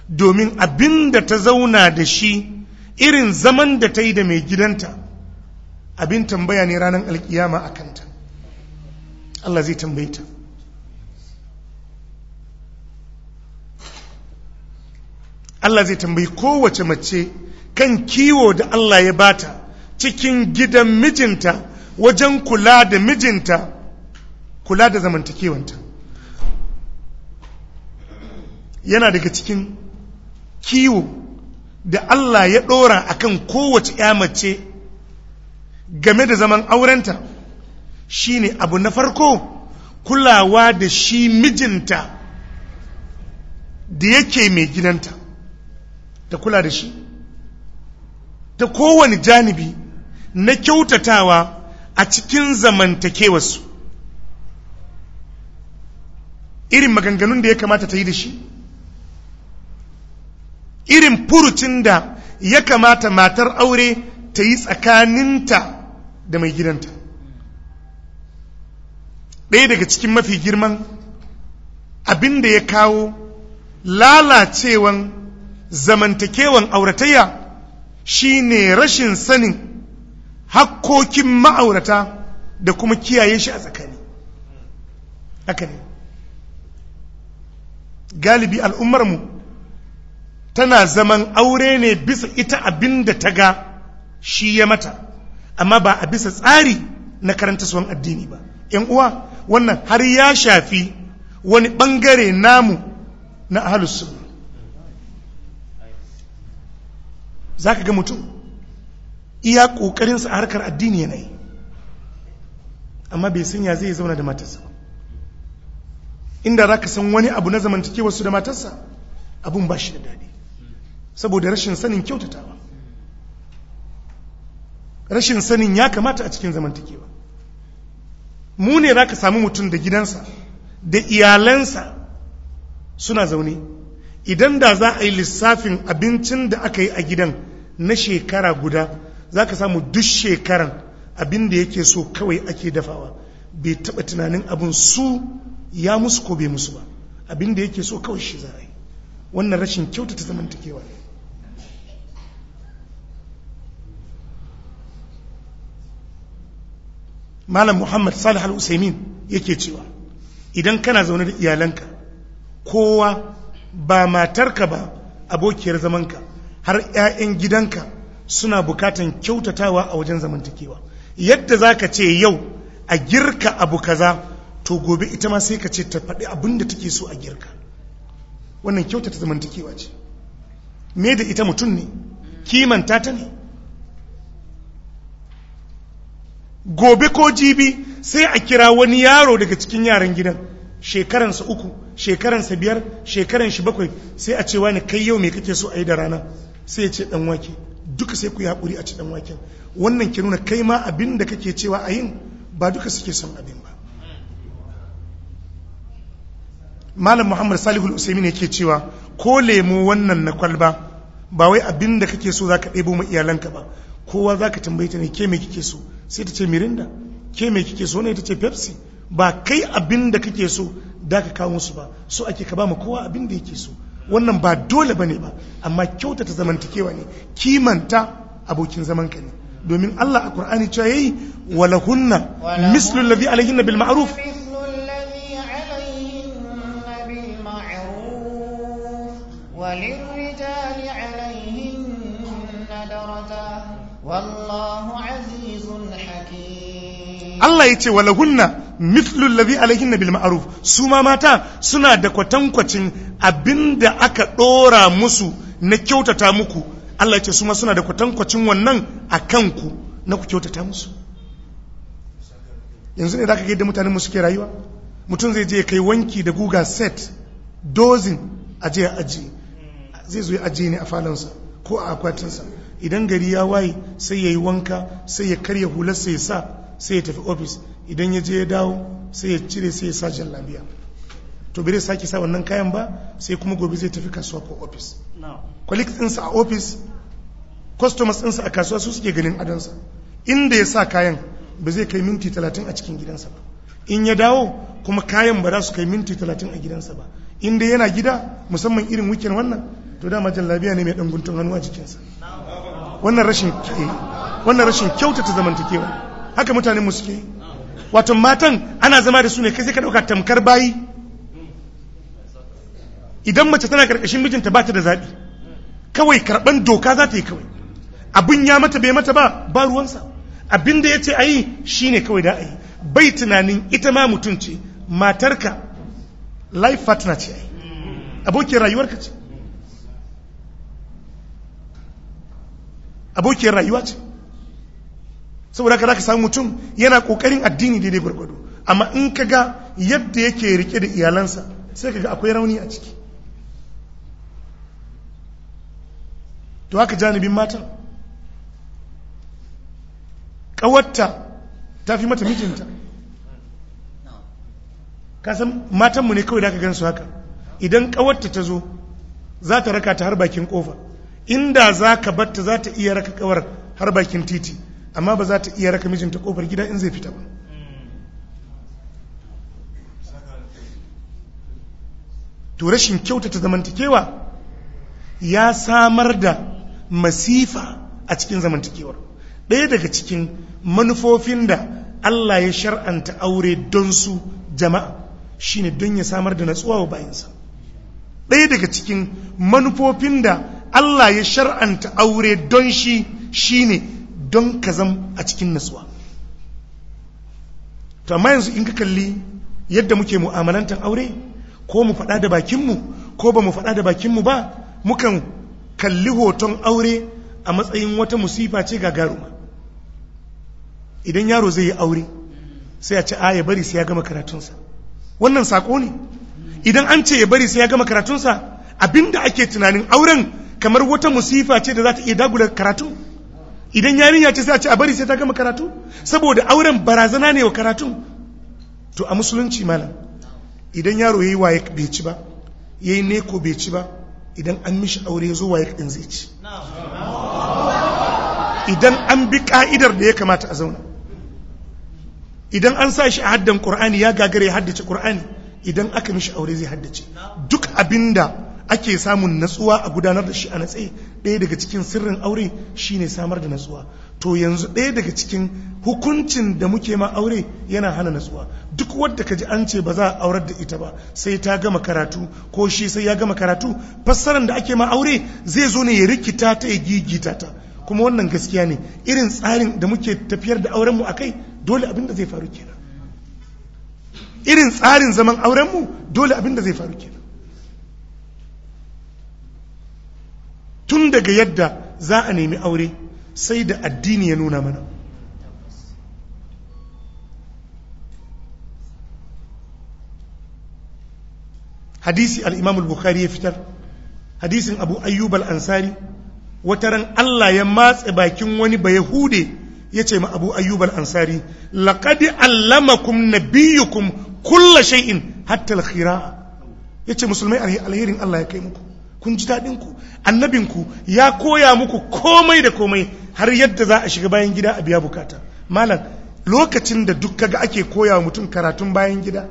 domin abin da ta zauna da shi irin zaman da ta yi da mai gidanta abin tambaya ne ranar alkiyama a kanta Allah zai tambaye ta Allah zai tambayi kowace mace kan kiwo da Allah ya bata cikin gidan mijinta wajen kula da mijinta kula da zamantakewanta yana daga cikin kiwo da Allah ya ɗora a kan kowace ya mace game da zaman aurenta shine abu na farko kulawa da shi mijinta da yake mai gidanta ta kula da shi ta kowane janibi na kyautatawa a cikin zamantakewarsu irin maganganun da ya kamata ta yi da shi irin furucin da ya kamata matar aure ta yi tsakaninta da mai gidanta ɗaya daga cikin mafi girman abin da ya kawo lalacewan zamantakewan auratayya shine rashin sanin hakkokin ma'aurata da kuma kiyaye shi a tsakani haka ne galibi al'ummarmu tana zaman aure ne bisa ita abin da ta ga shi ya mata amma ba a bisa tsari na karanta suwan addini ba yan uwa wannan har ya shafi wani ɓangare namu na ahlus Za ka ga mutum iya ƙoƙarinsa a harkar addini yanayi yi amma bai sanya zai zauna da matarsa inda za ka san wani abu na zamantakewa su da matarsa abun ba shi da daɗi saboda rashin sanin kyautatawa rashin sanin ya kamata a cikin zamantakewa mu ne za ka samu mutum da gidansa da iyalansa suna zaune idan da za a yi lissafin abincin da aka yi a gidan na shekara guda za ka samu duk shekaran abin da yake so kawai ake dafawa bai taba tunanin abin su ya musu ko bai musu ba abin da yake so kawai shi za a yi wannan rashin kyautata zamantakewa ne malam muhammad salih al-usaimin yake cewa idan kana zaune da iyalanka kowa ba matarka ba abokiyar zamanka har 'ya'yan gidanka suna bukatan kyautatawa a wajen zamantakewa yadda za ka ce yau a girka abu kaza to gobe ita ma sai ka ce ta faɗi abin da take so a girka wannan kyautata zamantakewa ce me da ita mutum ne kimanta ta ne gobe ko jibi sai a kira wani yaro daga cikin yaran gidan shekaransa uku shekaransa biyar shekaran shi bakwai sai a ce wani kai yau me kake so a yi da rana sai ya ce dan wake duka sai ku yi haƙuri a ci dan waken wannan ke nuna kai ma abin da kake cewa a yin ba duka suke son abin ba malam muhammad salihul usaimin yake cewa ko lemo wannan na kwalba ba wai abin da kake so za ka ɗebo ma iyalanka ba kowa za ka tambaye ta ne ke me kike so sai ta ce mirinda ke mai kike so ne ta ce pepsi ba kai abin da kake so da ka kawo su ba so ake ka ba mu kowa abin da yake so wannan ba dole bane ba amma kyautata zamantakewa ne kimanta abokin zaman ka ne domin Allah a Qur'ani cewa yayi walahunna mislu alladhi alayhinna bil ma'ruf وللرجال Allah ya ce Allah yace walahunna mithlu alladhi alaihinna bil ma'ruf su ma mata suna da kwatankwacin abinda aka dora musu na kyautata muku Allah ce su ma suna da kwatankwacin wannan a kanku na ku kyautata musu yanzu ne zaka ga yadda mutanen mu suke rayuwa mutum zai je ya kai wanki da guga set dozin aje aji zai zo ya aje ne a falansa ko a akwatinsa idan gari ya waye sai ya yi wanka sai ya karya hular sai ya sa sai ya tafi ofis idan ya je ya dawo sai ya cire sai ya sa jan labiya. to bai sake sa wannan kayan ba sai kuma gobe zai tafi kasuwa ko ofis colleagues ɗinsa a ofis customers ɗinsa a kasuwa su suke ganin adansa inda ya sa kayan ba zai kai minti talatin a cikin gidansa ba in ya dawo kuma kayan ba za su kai minti talatin a gidansa ba inda yana gida musamman irin wikin wannan to dama labiya ne mai ɗan hannu a jikinsa wannan rashin wannan rashin kyautata zamantakewa haka mutanen mu wato matan ana zama da su ne kai sai ka dauka tamkar bayi idan mace tana karkashin mijinta ba ta da zabi kawai karban doka za ta yi kawai abin ya mata bai mata ba ba ruwansa abin da ya ce a yi shi kawai da a yi bai tunanin ita ma mutum ce matarka life partner ce a yi abokin rayuwarka ce abokiyar rayuwa ce saboda ka ka samu mutum yana kokarin addini daidai gwargwado amma in ka ga yadda yake rike da iyalansa sai ka ga akwai rauni a ciki to haka janibin mata ƙawarta ta fi mata mijinta kasan matanmu ne kawai da aka gan su haka idan ƙawarta ta zo za ta raka ta har bakin ƙofa inda za ka batta za ta iya raka kawar har bakin titi amma ba za ta iya raka mijinta kofar gida in zai fita ba to rashin kyautata zamantakewa ya samar da masifa a cikin zamantakewar ɗaya daga cikin manufofin da Allah ya shar'anta aure don su jama'a shine don ya samar da natsuwa wa bayansa ɗaya daga cikin manufofin da Allah ya shar'anta aure don shi shi ne don ka zam a cikin nasuwa to amma yanzu in ka kalli yadda muke mu'amalantar aure ko mu faɗa da bakinmu ko ba mu faɗa da bakinmu ba mukan kalli hoton aure a matsayin wata musifa ce gagaruma idan yaro zai yi aure sai a ce a ya bari sai ya gama karatunsa wannan saƙo ne idan an ce ya bari sai ya gama karatunsa abinda ake tunanin auren kamar wata musifa ce da za ta iya dagula karatu idan yarinya ce sai a ce a bari sai ta gama karatu saboda auren barazana ne wa karatu to a musulunci malam idan yaro yayi waye bai ci ba yayi neko bai ci ba idan an mishi aure zo waye din zai ci idan an bi ka'idar da ya kamata a zauna idan an sa shi a haddan qur'ani ya gagare ya haddace qur'ani idan aka mishi aure zai haddace duk abinda ake samun natsuwa a gudanar da shi a natse ɗaya daga cikin sirrin aure shine samar da natsuwa to yanzu ɗaya daga cikin hukuncin da muke ma aure yana hana natsuwa duk wadda ka ji an ce ba za a aurar da ita ba sai ta gama karatu ko shi sai ya gama karatu fassaran da ake ma aure zai zo ne ya rikita ta ya gigita ta kuma wannan gaskiya ne irin tsarin da muke tafiyar da auren mu akai dole abin da zai faru kenan irin tsarin zaman aurenmu mu dole abin da zai faru kenan tun daga yadda za a nemi aure sai da addini ya nuna mana hadisi al'imam al-bukhari ya fitar hadisin abu ayyub al wata ran Allah ya matse bakin wani ba yahude ya ce ma abu ayyub al-ansari laƙadi allamakum kulla shay'in hatta al ya ce musulmai alherin Allah ya kai muku kun ji daɗinku annabinku ya koya muku komai da komai har yadda za a shiga bayan gida a biya bukata malam lokacin da duk kaga ake koya wa mutum karatun bayan gida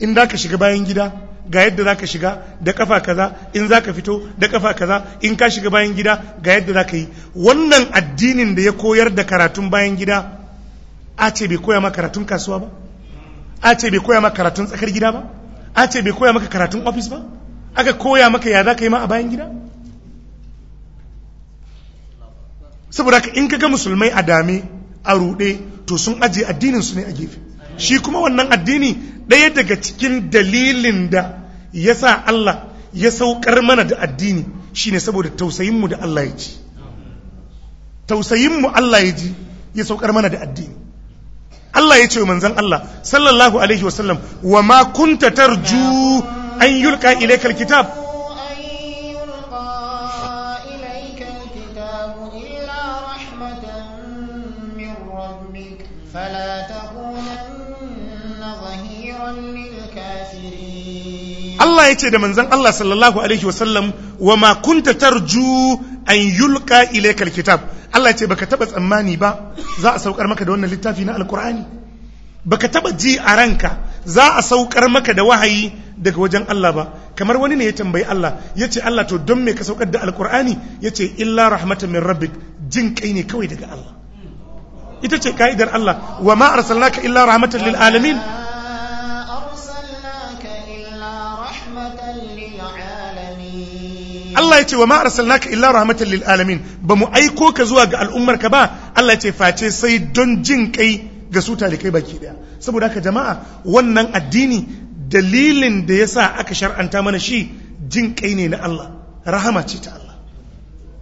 in da ka shiga bayan gida ga yadda za ka shiga da kafa kaza in za ka fito da kafa kaza in ka shiga bayan gida ga yadda za ka yi wannan addinin da ya koyar da karatun bayan gida a ce bai koya maka karatun kasuwa ba a ce bai koya maka karatun tsakar gida ba a ce bai koya maka karatun ofis ba aka koya maka ya za ka yi ma a bayan gida saboda ka in kaga musulmai a dame a ruɗe to sun ajiye addinin su ne a gefe shi kuma wannan addini ɗaya daga cikin dalilin da ya sa Allah ya saukar mana da addini shi ne saboda tausayinmu da Allah ya ji tausayinmu Allah ya ji ya saukar mana da addini Allah ya ce wa manzan Allah sallallahu alaihi wasallam wa ma kunta tarju an yulka ilaikal kitab Allah ya ce da manzan Allah sallallahu Alaihi wasallam wa ma kunta tarju an yulka ilaikal kitab Allah ya ce baka taba tsammani ba za a saukar maka da wannan littafi na alkur'ani baka taba ji a ranka za a saukar maka da wahayi daga wajen Allah ba kamar wani ne ya tambayi Allah ya ce Allah to don me ka saukar da alkur'ani ya ce illa rahmatan min rabbik jin kai ne kawai daga Allah ita ce ka'idar Allah wa ma arsalnaka illa rahmatan lil alamin Allah ya ce wa ma arsalnaka illa rahmatan lil alamin ba mu aiko ka zuwa ga al'ummarka ba Allah ya ce face sai don jin kai ga su talikai baki daya saboda haka jama'a wannan addini dalilin da ya sa aka shar'anta mana shi jin kai ne na Allah rahama ce ta Allah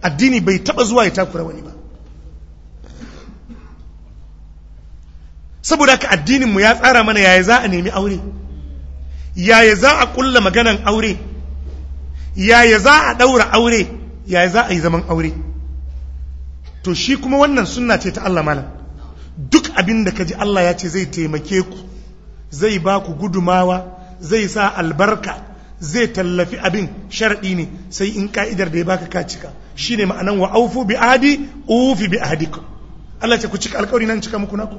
addini bai taba zuwa ya takura wani ba saboda haka addinin mu ya tsara mana yaya za a nemi aure yaya za a kulla maganan aure yaya za a daura aure yaya za a yi zaman aure to shi kuma wannan sunna ce ta Allah malam duk abin da kaji Allah ya ce zai taimake ku zai ba ku gudumawa zai sa albarka zai tallafi abin sharaɗi ne sai in ka'idar da ya baka ka cika shine ma'anan wa aufu bi ahadi ufi bi Allah ce ku cika alƙawari nan cika muku naku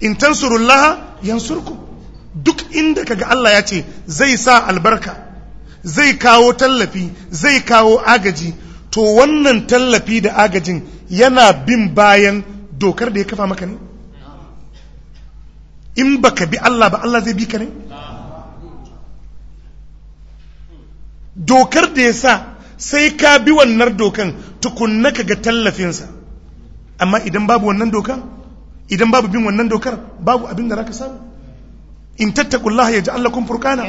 in tansurullah yansurku duk inda kaga Allah ya ce zai sa albarka zai kawo tallafi zai kawo agaji to wannan tallafi da agajin yana bin bayan dokar da ya kafa maka ne in baka bi Allah ba Allah zai bi ka ne dokar da ya sa sai ka bi wannan dokan tukunna ka ga tallafinsa amma idan babu wannan dokan idan babu bin wannan dokar babu abin da za ka samu in Allah ya ji Allah kun furkana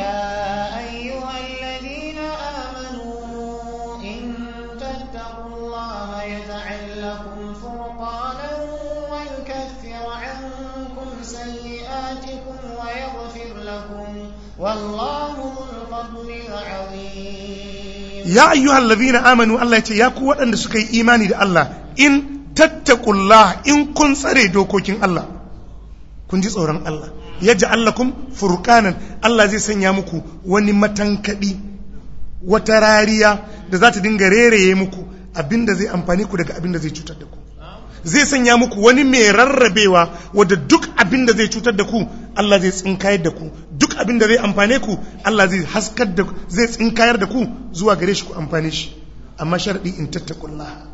Ya ayyu halabi na amani wa Allah ya ce ya ku waɗanda suka yi imani da Allah in tattakulla in kun tsare dokokin Allah, kun ji tsoron Allah, ya ji Allah kun furkanan Allah zai sanya muku wani matankaɗi, wata rariya da za ta dinga rere muku abinda zai amfani ku daga abinda zai cutar da ku. zai sanya muku wani mai rarrabewa wadda duk abin da zai cutar da ku Allah zai tsinkayar da ku duk abin da zai amfane ku Allah zai haskar da zai tsinkayar da ku zuwa gare shi ku amfane shi amma sharadi in tattakullah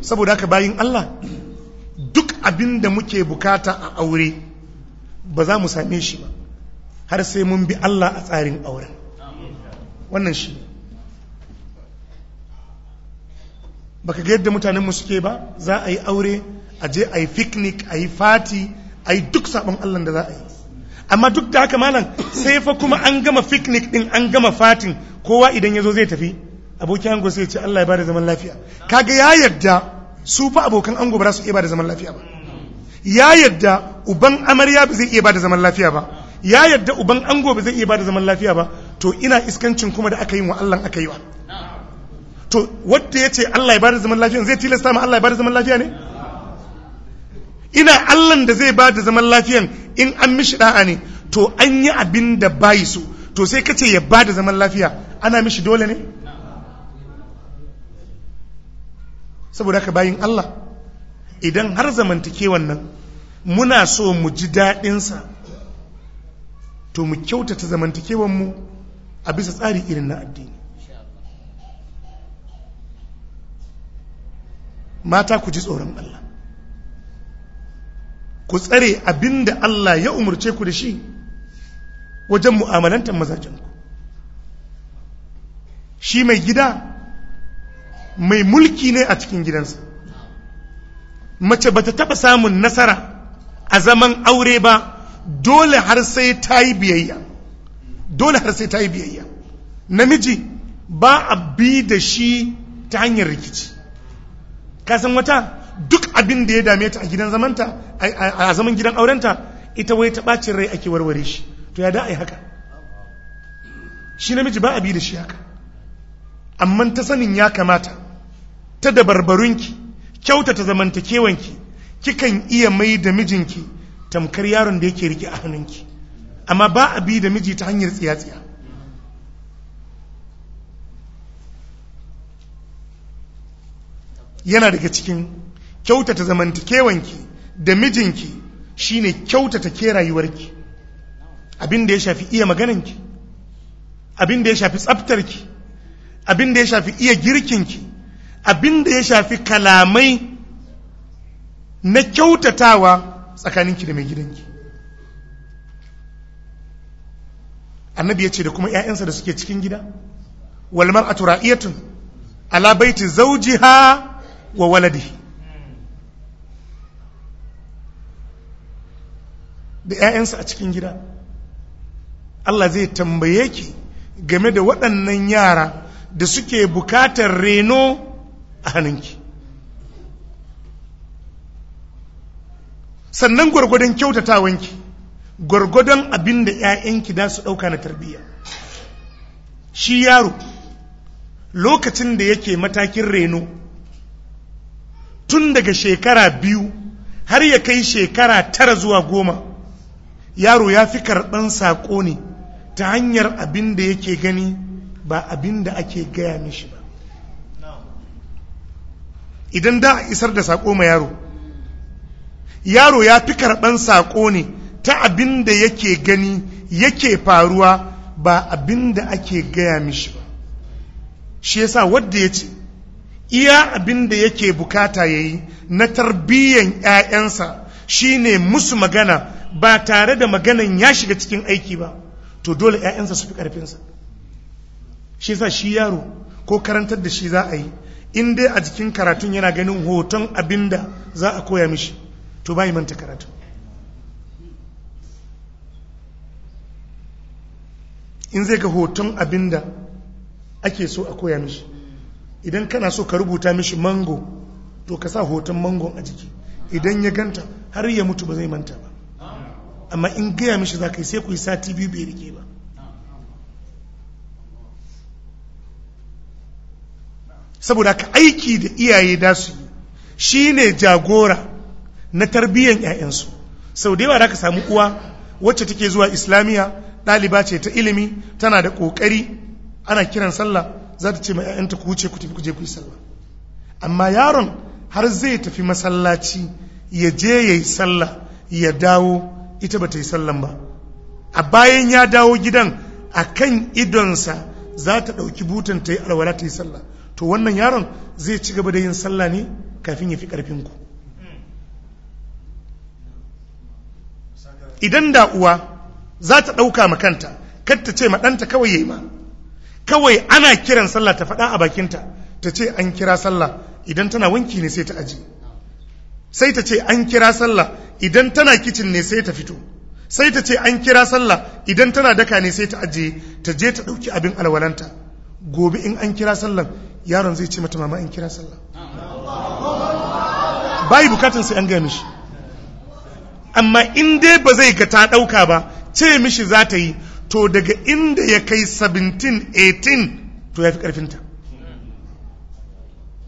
saboda haka bayin Allah duk abin da muke bukata a aure ba za mu same shi ba har sai mun bi Allah a tsarin auren wannan shi baka ga yadda mutanen mu suke ba za a yi aure a je a yi picnic a yi fati a yi duk sabon Allah da za a yi amma duk da haka malam sai fa kuma an gama picnic din an gama fatin kowa idan ya zo zai tafi abokin ango sai ce Allah ya bada zaman lafiya kaga ya yarda su fa abokan ango ba za su iya bada zaman lafiya ba ya yarda uban amarya ba zai iya bada zaman lafiya ba ya yarda uban ango ba zai iya bada zaman lafiya ba to ina iskancin kuma da aka yi wa Allah aka yi wa to wadda ya ce Allah ya bada zaman lafiya zai tilasta ma Allah ya bada zaman lafiya ne ina Allah da zai bada zaman lafiyan in an mishi da'a ne to an yi abin da bayi su to sai ka ce ya bada zaman lafiya ana mishi dole ne saboda ka bayin Allah idan har zamantakewan nan muna so mu ji daɗinsa to mu kyautata zamantakewan mu a bisa tsari irin na addini mata ku ji tsoron Allah ku tsare abinda Allah ya umarce ku da shi wajen mu'amalantar mazajenku shi mai gida mai mulki ne a cikin gidansa mace ba ta taɓa samun nasara a zaman aure ba dole har sai ta yi biyayya dole har sai ta yi biyayya namiji ba a bi da shi ta hanyar rikici kasan wata duk abin da ya dame ta a gidan zamanta a zaman gidan aurenta ita wai ta ɓacin rai ake warware shi to ya da a yi haka shi namiji ba a bi da shi haka amma ta sanin ya kamata ta da barbarunki, kyauta ta kyautata ki kikan iya mai da mijinki tamkar yaron da yake rike a hannunki amma ba a bi da miji ta hanyar tsiya-tsiya yana daga cikin kyautata zamantakewanki da mijinki shine kyautata ke rayuwarki abin da ya shafi iya magananki abin da ya shafi tsaftarki abin da ya shafi iya girkinki abin da ya shafi kalamai na kyautatawa tsakaninki da mai gidanki annabi ya ce da kuma 'ya'yansa da suke cikin gida walmar a tura'iyatun ala baiti zaujiha wa waladi da 'ya'yansa a cikin gida Allah zai tambaye ki game da waɗannan yara da suke bukatar reno a hannunki sannan gwargwadon kyautatawanki gwargwadon abin da 'ya'yanki da su ɗauka na tarbiyya shi yaro lokacin da yake matakin reno tun daga shekara biyu har ya kai shekara tara zuwa goma yaro ya fi karɓan saƙo ne ta hanyar abin da yake gani ba abin da ake gaya mishi ba idan da isar da saƙo ma yaro yaro ya fi karɓan saƙo ne ta abin da yake gani yake faruwa ba abin da ake gaya mishi ba shi yasa wadda ya ce iya abin da yake bukata ya yi na tarbiyyan 'ya'yansa shine musu magana ba tare da maganan ya shiga cikin aiki ba to dole 'ya'yansa su fi ƙarfinsa shi sa shi yaro ko karantar da shi za a yi in dai a jikin karatun yana ganin hoton abin da za a koya mishi to ba yi manta karatu in zai ga hoton abin da ake so a koya mishi idan kana so ka rubuta mishi mango to ka sa hoton mango a jiki idan ya ganta har ya mutu ba zai manta ba amma in gaya mishi za ka yi sai ku yi sati biyu bai rike ba saboda ka aiki da iyaye da su yi shi ne jagora na tarbiyyar 'ya'yansu sau da yawa da ka samu uwa wacce take zuwa islamiyya ɗaliba ce ta ilimi tana da ƙoƙari ana kiran sallah za ta ce ma 'ya'yanta ku wuce ku tafi ku je ku yi sallah amma yaron har zai tafi masallaci ya je ya yi sallah ya dawo ita ba ta yi sallan ba a bayan ya dawo gidan a kan idonsa za ta ɗauki butan ta yi alwala ta yi sallah to wannan yaron zai ci gaba da yin sallah ne kafin ya fi ƙarfinku idan da uwa za ta ɗauka ma kanta kar ta ce ma ɗanta kawai ya yi ma kawai ana kiran sallah ta faɗa a bakinta ta ce an kira sallah idan tana wanki ne sai ta aji sai ta ce an kira sallah idan tana kicin ne sai ta fito sai ta ce an kira sallah idan tana daka ne sai ta aje, ta je ta ɗauki abin alwalanta gobe in an kira sallah yaron zai ce mata mama an kira sallah bayi bukatun sai an gaya mishi amma in dai ba zai ga ta ɗauka ba ce mishi za ta yi to daga inda ya kai 17 18 to ya fi ƙarfinta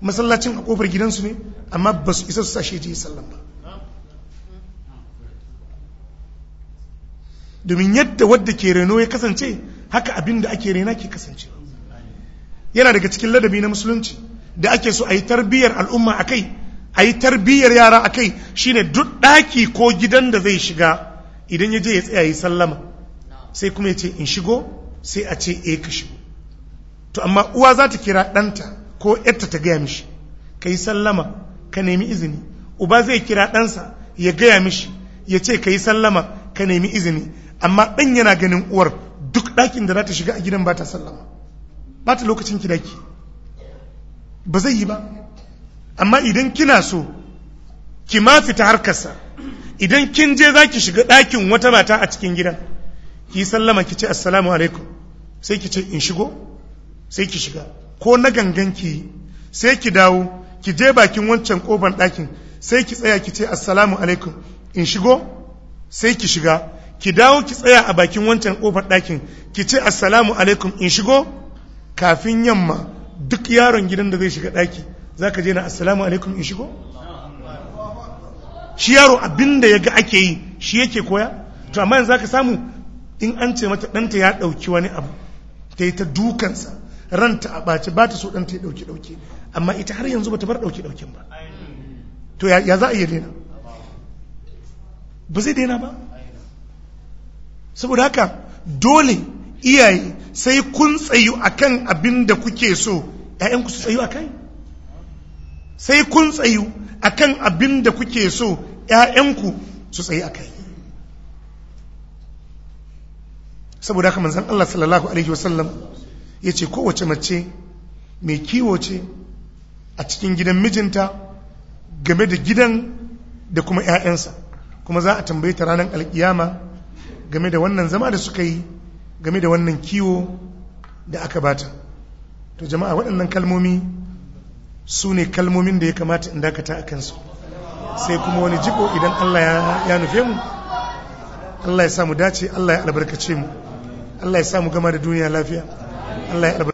masallacin a kofar gidansu ne amma ba su isa su sashe je sallan ba domin yadda wadda ke reno ya kasance haka abin da ake rena ke kasance yana daga cikin ladabi na musulunci da ake so a yi tarbiyyar al'umma a kai a yi tarbiyyar yara a kai shine duk ɗaki ko gidan da zai shiga idan ya je ya tsaya yi sallama sai kuma ya ce in shigo sai a ce e ka shigo to amma uwa za ta kira ɗanta ko yarta ta gaya mishi ka yi sallama ka nemi izini uba zai kira ɗansa ya gaya mishi ya ce ka yi sallama ka nemi izini amma ɗan yana ganin uwar duk ɗakin da za ta shiga a gidan ba ta sallama ba ta lokacin daki ba zai yi ba amma idan kina so ki ma fita harkarsa idan kin je za ki shiga ɗakin wata mata a cikin gidan ki sallama ki ce assalamu alaikum sai ki ce in shigo sai ki shiga ko na gangan ki sai ki dawo ki je bakin wancan kofar ɗakin sai ki tsaya ki ce assalamu alaikum in shigo sai ki shiga ki dawo ki tsaya a bakin wancan kofar ɗakin ki ce assalamu alaikum in shigo kafin yamma duk yaron gidan da zai shiga ɗaki za ka je na assalamu alaikum in shigo shi yaro abin da ya ga ake yi shi yake koya to amma yanzu za ka samu in an ce mata ɗanta ya ɗauki wani abu ta yi ta dukansa ranta a ɓace ba ta so ɗanta ya ɗauki ɗauki amma ita har yanzu ba ta bar ɗauki ɗaukin ba to ya za a iya daina ba zai daina ba saboda haka dole iyaye sai kun tsayu a kan abin da kuke so ‘ya'yanku su tsayu a kai sai kun tsayu a kan abin da kuke so ‘ya'yanku su tsayi a kai saboda haka manzan Allah sallallahu alaihi wasallam ce kowace mace mai kiwo ce a cikin gidan mijinta game da gidan da kuma 'ya'yansa kuma za a tambaye ta ranar alkiyama game da wannan zama da suka yi game da wannan kiwo da aka bata to jama'a waɗannan kalmomi su ne kalmomin da ya kamata in dakata a kansu sai kuma wani jiko idan Allah ya nufe mu Allah ya samu dace Allah ya albarkace mu Allah ya samu gama da duniya lafiya Allah ya